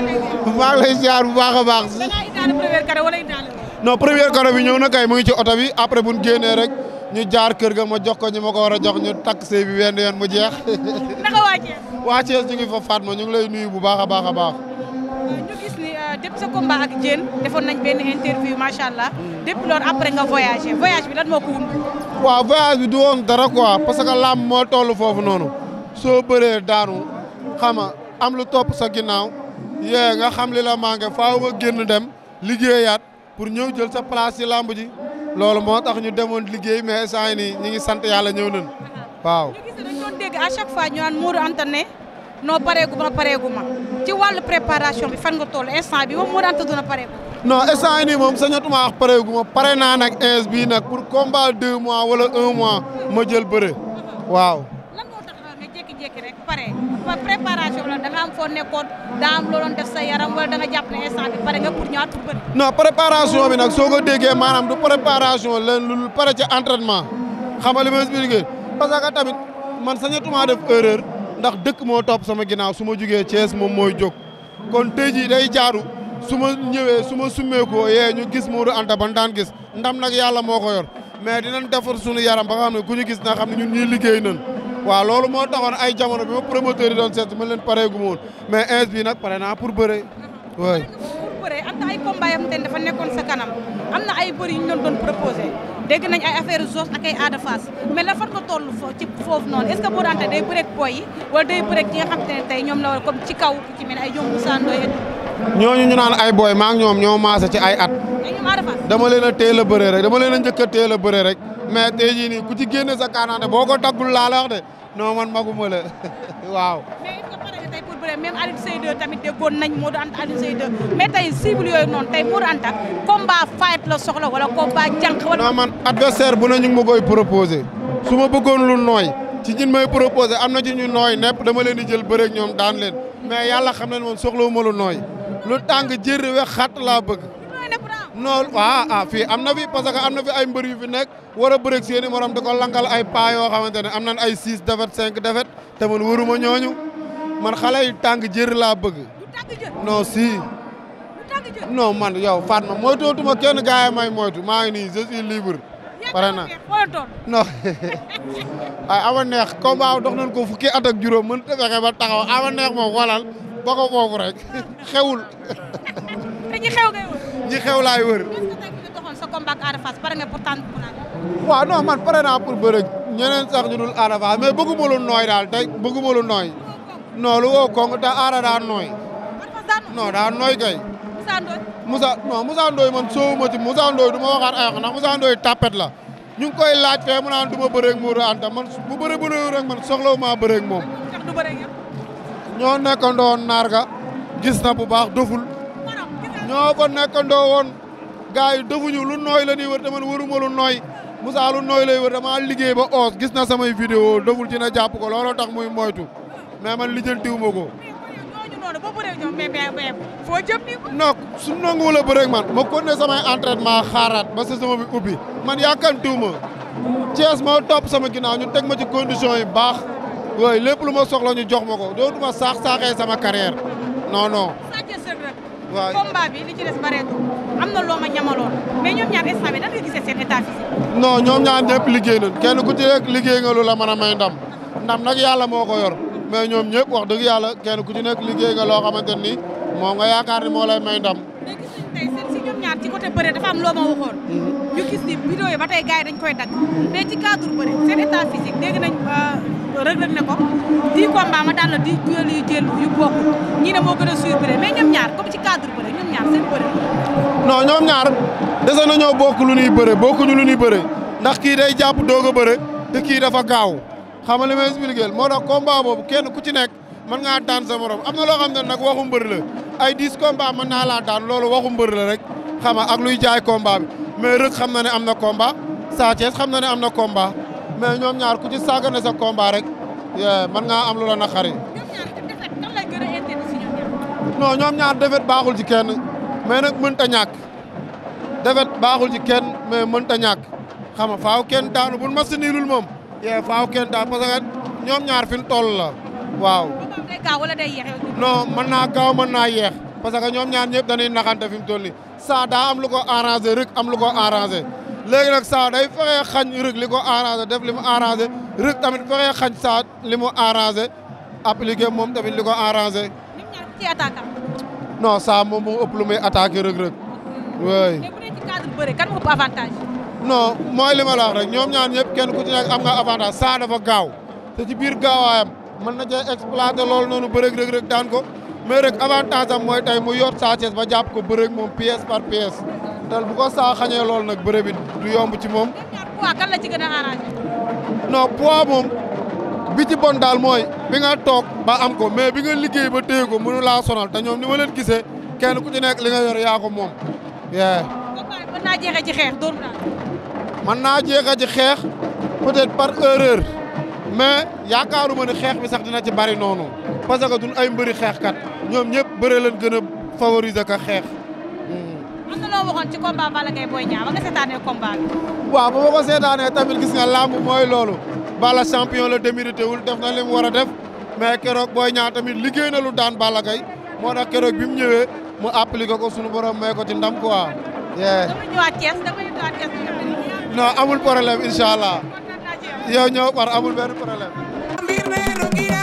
maa ngi lay ziar bu baax a baax. da ngaa indaale première cadeau ñëw na kay mu ngi ci oto bi après bu ñu génnee rek ñu jaar kër ga ma jox ko ñu ma ko war a jox ñu takk sëy bi wenn yoon mu jeex. naka waa Thiès. ñu ngi fa Fatma ñu lay nuyu bu baax a baax a baax. Euh, ñu gis ni euh, depuis sa combat ak Diène defoon nañ benn interview macha allah depuis loolu après nga voyagé voyage bi lan moo ko wund. waaw voyage bi du woon dara quoi parce que làmb moo toll foofu noonu soo bëree daanu xama am lu topp sa ginnaaw. yee nga xam li la manqué faaw nga génn dem liggéeyaat pour ñëw jël sa place ci làmb ji loolu moo tax ñu demoon liggéey mais instant nii ñi ngi sant yàlla ñëw nañ waaw. ñu gis dañu doon dégg à chaque fois ñu naan Modou Anta ne noo pareegu ma pareegu ma ci wàllu préparation bi fan nga toll instant bi moom Modou Anta dina pareegu. non instant moom sañatuma wax pare naa nag 15 bii nag pour combat 2 mois wala 1 mois ma jël bëre waaw. jékki pare préparation la da am foo nekkoon daa am loo def sa yaram wala da nga jàpp ne instant bi pare nga pour ñaar pour bëri. préparation bi nag soo ko déggee maanaam du préparation leen lu pare ci entraînement xam nga li ma expliqué parce que tamit man sañatuma def erreur ndax dëkk moo topp sama ginnaaw su ma jugee Thiès moom mooy jóg kon tey jii day jaaru su ma ñëwee su ma summeekoo yee ñu gis Modou Anta ban daan gis ndam nag yàlla moo ko yor mais dinañ defar suñu yaram ba nga xam ne ñu gis na liggéey nañ waaw loolu moo taxoon ay jamono bi ma promoteur yi doon seet mën leen paree gu ma woon mais ins bi nag pare naa pour bëre waay bëre am na ay combat dafa nekkoon sa kanam am na ay bëri yu ñu doon doon proposé dégg nañ ay affaire Zoss ak ay Ada Fass mais la fan nga toll foofu ci foofu noonu est-ce que boo daan day bëreeg boy yi wala day bëreeg ki nga xam tey ñoom la war comme ci kaw ci mel ay ñoom Moussa Ndoye ñooñu ñu naan ay boy maa ngi ñoom ñoo maase ci ay at dama leen a teel a bëre rek dama leen a njëkk teela teel bëre rek mais tey ku ci génne sa kaanaante boo ko taggul laa la wax de non maguma la waaw. mais est-ce que pare nga tey pour bëre même Alioune Seye 2 tamit déggoon nañ Modou Anta Alioune Seye 2 mais tey yooyu noonu tey Modou Anta combat fight la soxla wala combat jànq wala. non man adversaire bu ne ñu ngi ma koy proposé su ma lu nooy ci ñun may proposé am na ci ñu nooy nepp dama leen di jël bëre ñoo ñoom daan mais yàlla xam na ne moom soxlawuma lu nooy lu xat laa bëgg. non waaw ah fii am na fi parce que am na fi ay mbër yu fi nekk wara a bëreeg seen i morom di ko lankal ay pas yoo xamante ne am nan ay 6 defet 5 defet te man waruma ñooñu man xale yu tàng jër laa bëgg. non si. non man yow Fatma moytootuma kenn gars yi may moytu maa ngi nii libre. pare na non ay ama neex ko dox nañ ko fukki at ak juróom mën ta fexe ba taxaw ama neex moom xoolal foofu rek xewul. ñi xew laay wër. sa combat pour tànn waaw non man pare naa pour bëre ñeneen sax ñu dul Ada Fass lu nooy daal tey bëgguma lu nooy. non lu woo kong te Ada daa nooy. non daa nooy kay. Moussa Ndoye. Moussa non Moussa Ndoye man soowuma ci Moussa Ndoye du ma waxaat ay wax ndax tapet la ñu ngi koy laaj fee mu naan du ma bëreeg Mourou man bu bëre bu rëyul man soxlawuma bëreeg moom. ñoo nekkandoon naar ga gis na bu baax doful. ñoo ko nekkandoo woon gars yi defuñu lu nooy la ñuy wër te man wëruma lu nooy Moussa lu nooy lay wër damaa liggéey ba oos gis na samay vidéo deful ci na jàpp ko looloo tax muy moytu mais man lijjantiwuma ko. foo jëm nii ko. non su nanguwul a man ma continuer samay entraînement xaaraat ba saison bi ubbi man yàkkantiwuma ma moo topp sama ginnaaw ñu teg ma ci condition yi baax yooyu lépp lu ma soxla ñu jox ma ko dootuma saax saaxee sama carrière non waaw combat bi li am na loo ma ñamaloon ñoom ñaar instant bi nan nga gisee seen état physique. non ñoom ñaar ñëpp liggéey nañ kenn ku ci liggéey nga lu la man a may ndam na nag yàlla moo ko yor mais ñoom ñëpp wax dëgg yàlla kenn ku ci nekk liggéey nga loo xamante ni moom nga yaakaar moo lay may ndam. mais gis nañ tey ñoom ñaar ci côté bëre dafa am loo ma waxoon. Mhm. ñu gis ni vidéo yi ba tey gars yi dañ koy dagg. ci cadre bëre seen état Reug Reug ne ko di combat ma daan la di jël yu jël yu bokkul ñii moo gën a suy bëre mais ñoom ñaar comme ci cadre ñoom ñaar seen bëre non ñoom ñaar dese nañoo bokk lu ñuy bëre bokkuñu lu ñuy bëre ndax kii day jàpp doog a bëre te kii dafa gaaw xam nga li may expliquer moo tax combat boobu kenn ku ci nekk mën ngaa daan sa morom am na loo xam ne nag waxu mbër la ay dix combat mën naa laa daan loolu waxu mbër rek xam nga ak luy jaay combat mais xam na ne am na combat Sa xam na ne am na combat mais ñoom ñaar ku ci sàggane sa combat rek mën ngaa am lu la naqari. non ñoom ñaar defet baaxul ci kenn mais nag mënta ñàkk defet baaxul ci kenn mais mënta ñàkk xam nga faaw kenn daanu bu ma si niilul moom. yee faaw kenn daanu parce que ñoom ñaar fi mu toll la waaw. non mën naa gaaw mën naa yeex parce que ñoom ñaar ñëpp dañuy naxante fi mu toll nii saa daa am lu ko arrangé rek am lu ko arrangé. léegi nag saa day fexe xañ rëg li ko arrangé def li mu arrangé rëg tamit fexe xañ saa li mu arrangé appliqué moom tamit li ko arrangé. ci saa moom moo ëpp lu muy attaqué rëg-rëg. oui mais bu dee ci cadre bëre kan moo ëpp avantage. non mooy li ma la wax rek ñoom ñaar ñëpp kenn ku ci nekk am nga avantage saa dafa gaaw te ci biir gaawaayam mën na cee exploité loolu noonu bëreeg rëg-rëg daan ko mais rek avantage mooy tey mu yor saa ba jàpp ko bëreeg moom pièce par pièce. te bu ko saa xañee loolu nag bëre bi yomb ci moom. poids kan moom bi ci bon daal mooy bi nga toog ba am ko mais bi nga liggéey ba téye ko mënu laa sonal te ñoom ni ma leen kenn ku ci nekk li nga yor yaa ko moom. waaw. mën naa jeexee ci xeex dóor naa. mën naa jeexee ci xeex par erreur mais yaakaaruma ne xeex bi sax dina ci bari noonu parce que duñ ay mbëri xeexkat ñoom ñëpp bëre leen gën a favoriser am na loo waxoon ci combat Balla Gaye Boy Niang ma ko mooy loolu Balla champion la wul def na li mu war a def mais keroog Boy Niang tamit liggéey na lu daan Balla Gaye moo bi mu ñëwee mu appliqué ko sunu borom may ko ci ndam quoi. dama ñëwaat Thiès amul problème incha allah yow ñëw par amul benn problème.